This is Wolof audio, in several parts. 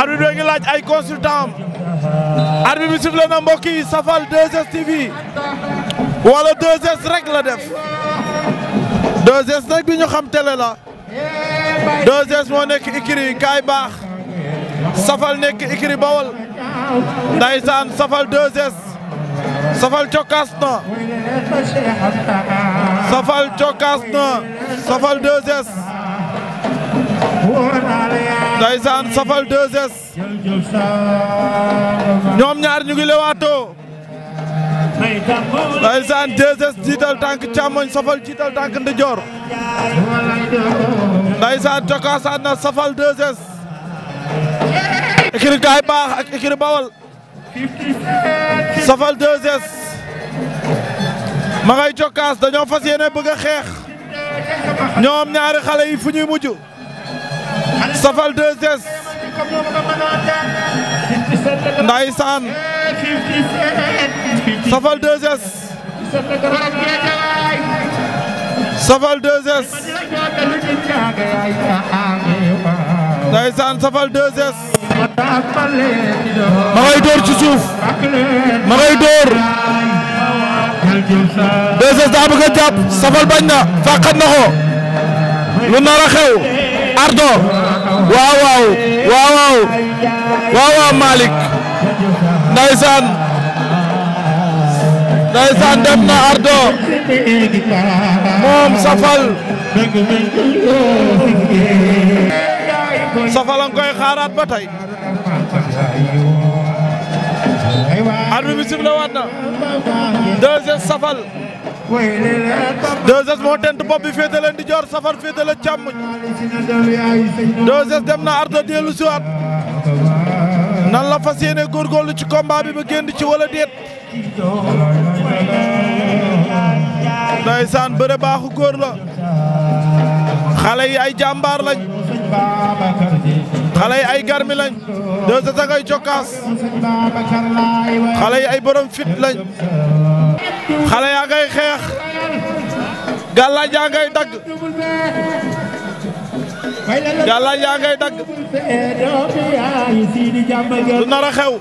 arbitre bi ngi laaj ay consultant am arbitre bi sifflé na mbokk yi safal 2S TV wala 2 rek la def 2S nag bi ñu xam télé la 2 moo nekk Ikiri kaay baax safal nekk Ikiri bawal ndaysaan safal 2S safal cokkaas na safal cokkaas ndaysaan safal 2S ñoom ñaar ñu ngi lewaatoo ndaysaan 2S jiital tànk càmmoñ safal jiital tànk ndijoor ndaysaan jokaasaat na safal 2S écurie Gaye Bakh ak écurie Bawol safal 2 ma ngay jokkaas dañoo fas yéene bëgg a xeex ñoom ñaari xale yi fu ñuy mujj safal 2S ndaysaan safal 2S safal ma ngay door ci suuf ma ngay door 2 daa bëgg a safal bañ na fàqat lu nar xew Ardo waaw waaw waaw waaw waaw waaw Ardo moom safal safal ang koy xaaraat ba tey arbi bi safal 2S moo tent bopp bi féete leen di joor safar féete la càmmoñ 2S dem na arda dellu si waat nan la fas yéene góorgóorlu ci combat bi ba génn ci walla déet ndaysaan bëre baaxu góor la yi ay jàmbaar lañ xale yi ay garmi lañ 2 ngay cokkaas xale yi ay borom fit lañ xale yaa ngay xeex gàllaaj yaa ngay dagg lu nar a xew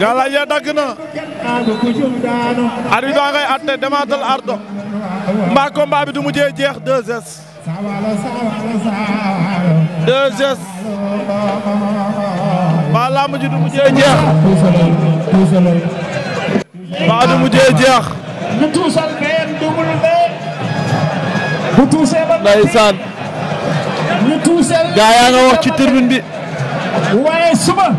gàllaaj ya dagg na arbitre baa ngay atte demaatal ardo mbaa combat bi du mujjee jeex 2 mbaa làmb ji du mujjee jeex mbaa du mujjee jeex. ñu tuusal benn dugub wax ci tribune bi. waaye suba.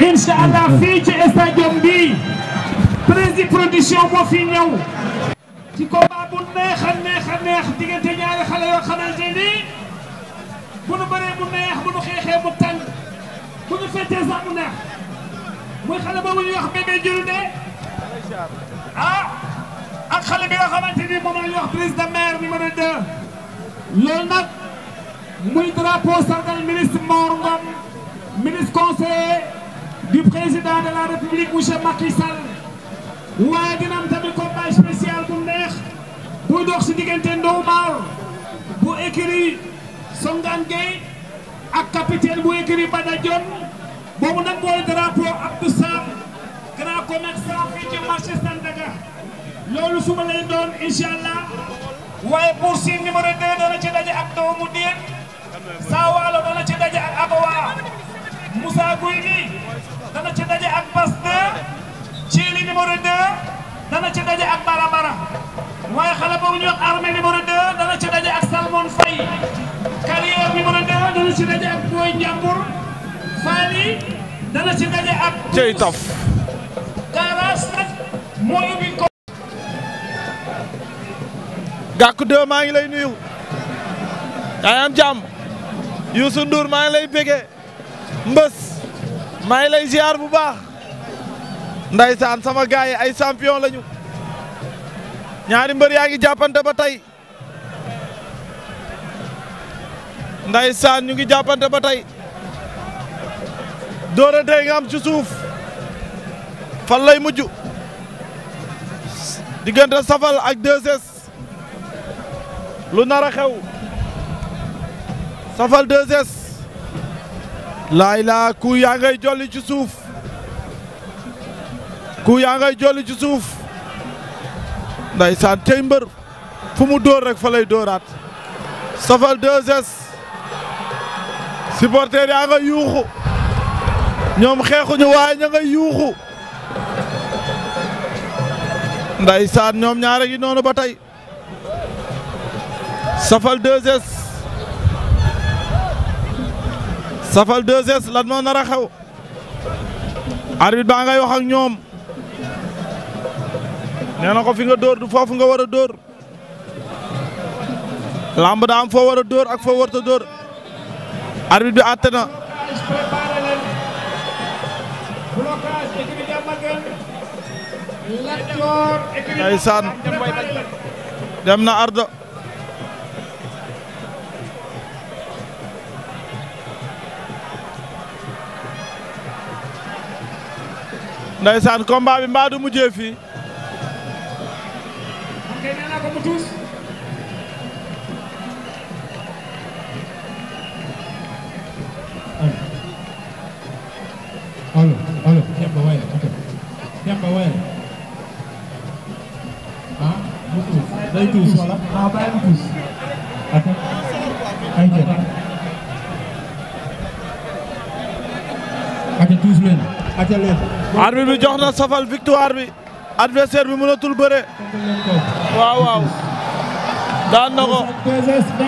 incha fii ci stadium bi prési production moo fi ñëw. ci combat bu neex a neex a neex diggante ñaari xale yoo xamante ni bu nu mu neex bu nu xeexee mu tàng bu nu fettee sax mu neex muy xale boobu ñuy wax bébé jëlu ah ak xale bi nga xamante ni moom la de maire numéro 2. nag muy drapeau sargal ministre Mor ministre conseiller du président de la république monsieur Macky Sall. waaye dina am tamit combat spécial bu neex buy dox si diggante Ndow bu écurie Songane ak capitaine bu écurie Bada boobu nag mooy drapeau Abdou grand commerçant fii ci marché loolu suba doon incha waaye Bour Sine numéro 2 dana ci daje ak doomu diin Saa dana ci daje ak Abawa Moussa Guy dana ci daje ak Bas 2 Thiély numéro 2 dana ci daje ak Barabara waaye xale boobu ñu wax armée numéro dana ci daje ak Salmon Faye carrière numéro 2 dana ci daje ak Boy Ndiambour Fally dana ci daje ak. Cey Gàkku 2 maa ngi lay nuyu yaa am jàmm Youssou maa ngi lay bége mbës maa ngi lay ziar bu baax ndaysaan sama gars yi ay champion lañu ñaari mbër yaa ngi jàppante ba tey saan ñu ngi jàppante ba tey doora tey nga ci suuf fan lay mujj diggante safal ak 2 lu nar a xew safal 2S laay laa ku yaa ngay jolli ci suuf ku yaa ngay jolli ci suuf ndaysaan tey mbër fu mu dóor rek fa lay dóoraat safal 2S supporter yaa nga yuuxu ñoom xeexuñu waaye ña ngay yuuxu ndaysaan ñoom ñaare gi noonu ba tey Safal 2S Safal 2S lan nar a xew arbitre baa ngay wax ak ñoom nee na ko fi nga dóor du foofu nga war a dóor lamb daa foo war a dóor ak foo warta dóor arbitre bi àtte na dem na ardo ndaysaan combat bi mbaa du mujjee arbitre bi jox na safal victoire bi adversaire bi mënatul bëre waaw daan na ko